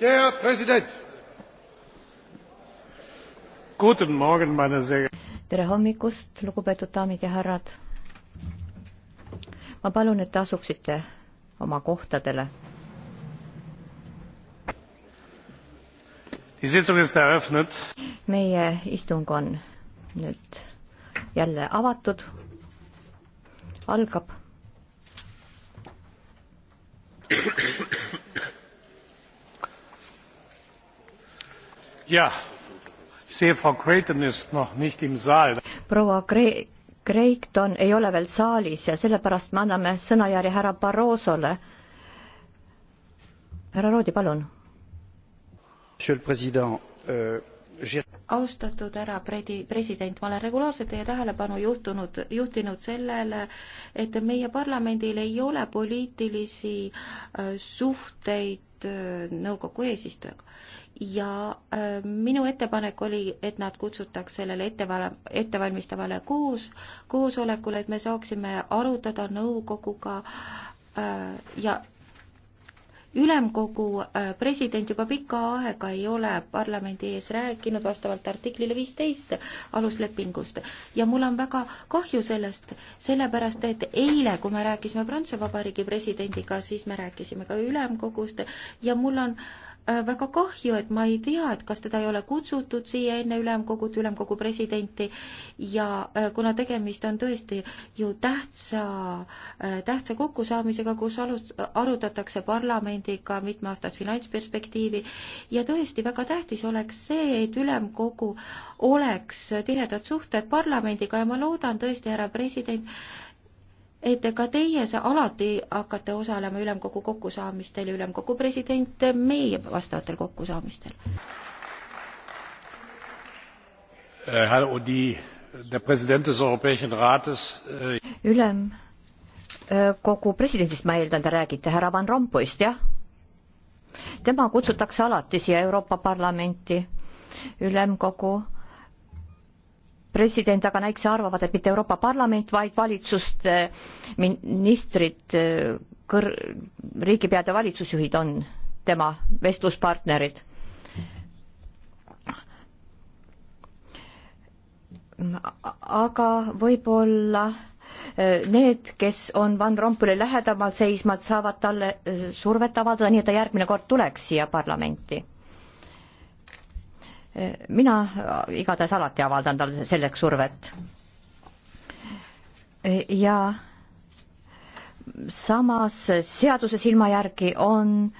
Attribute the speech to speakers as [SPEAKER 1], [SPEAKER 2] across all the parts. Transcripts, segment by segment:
[SPEAKER 1] herr präsident! guten morgen meine sehr
[SPEAKER 2] tere hommikust lugupeetud daamid ja härrad ma palun et te asuksite oma kohtadele meie istung on nüüd jälle avatud algab proua Kre-, Kreekton ei ole veel saalis ja sellepärast me anname sõnajärje härra Barrosole. härra Roodi, palun.
[SPEAKER 1] Monsieur le Président euh,, j'ai
[SPEAKER 2] austatud härra predi-,
[SPEAKER 1] president, ma olen regulaarselt teie tähelepanu juhtunud, juhtinud sellele, et meie parlamendil ei ole poliitilisi äh, suhteid äh, nõukogu eesistujaga. ja äh, minu ettepanek oli, et nad kutsutaks sellele etteval-, ettevalmistavale koos, koosolekule, et me saaksime arutada nõukoguga ja ülemkogu äh, president juba pikka aega ei ole parlamendi ees rääkinud vastavalt artiklile viisteist aluslepingust ja mul on väga kahju sellest, sellepärast et eile, kui me rääkisime Prantsuse Vabariigi presidendiga, siis me rääkisime ka ülemkogust ja mul on äh, Äh, väga kahju, et ma ei tea, et kas teda ei ole kutsutud siia enne ülemkogut, ülemkogu presidenti ja äh, kuna tegemist on tõesti ju tähtsa, äh, tähtsa kokkusaamisega, kus alus, arutatakse parlamendiga mitmeaastast finantsperspektiivi ja tõesti väga tähtis oleks see, et ülemkogu oleks tihedad suhted parlamendiga ja ma loodan tõesti, härra president, et ka teie alati hakkate osalema ülemkogu kokkusaamistel ja ülemkogu president meie vastavatel kokkusaamistel. Äh, äh,
[SPEAKER 2] ülemkogu äh, presidendist ma eeldan, te räägite härra Van Rompuist, jah? tema kutsutakse alati siia Euroopa Parlamenti, ülemkogu president, aga näikse arvavad, et mitte Euroopa Parlament, vaid valitsuste eh, ministrid, eh, kõr-, riigipead ja valitsusjuhid on tema vestluspartnerid. aga võib-olla eh, need, kes on Van Rompuy'le lähedamal seisma, saavad talle survet avaldada, nii et ta järgmine kord tuleks siia parlamenti mina igatahes alati avaldan talle selleks survet. ja samas seaduse silma järgi on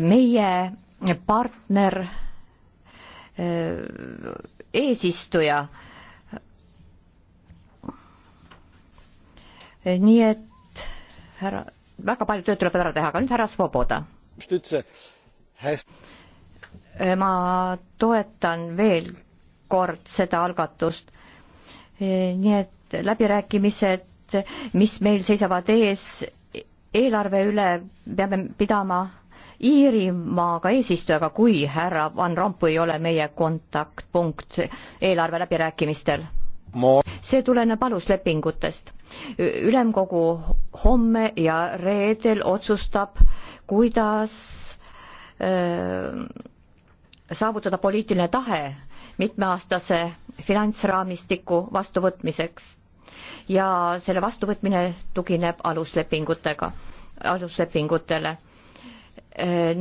[SPEAKER 2] meie partner äh, eesistuja. nii et härra, väga palju tööd tuleb ära teha, aga nüüd härra Svoboda ma toetan veel kord seda algatust. E, nii et läbirääkimised, mis meil seisavad ees eelarve üle, peame pidama Iirimaaga eesistujaga, kui härra Van Rompuy ei ole meie kontaktpunkt eelarve läbirääkimistel Ma... see tuleneb aluslepingutest. ülemkogu homme ja reedel otsustab, kuidas öö, saavutada poliitiline tahe mitmeaastase finantsraamistiku vastuvõtmiseks ja selle vastuvõtmine tugineb aluslepingutega, aluslepingutele.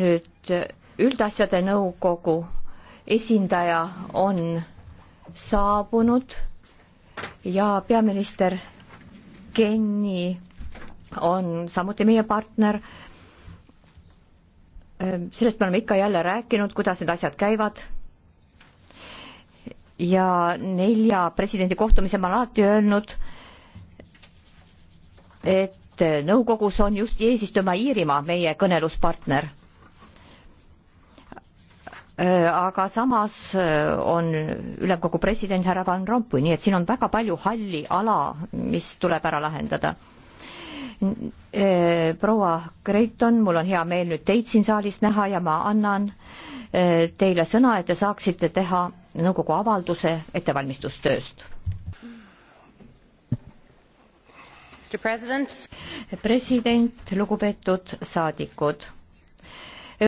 [SPEAKER 2] nüüd üldasjade nõukogu esindaja on saabunud ja peaminister Kenny on samuti meie partner Ehm, sellest me oleme ikka jälle rääkinud, kuidas need asjad käivad. ja nelja presidendi kohtumisel ma olen alati öelnud, et nõukogus on just eesistuma Iirimaa meie kõneluspartner. Ehm, aga samas ehm, on ülemkogu president härra Van Rompuy, nii et siin on väga palju halli ala, mis tuleb ära lahendada Eh, proua Kreiton, mul on hea meel nüüd teid siin saalis näha ja ma annan eh, teile sõna, et te saaksite teha nõukogu avalduse ettevalmistustööst. president, lugupeetud saadikud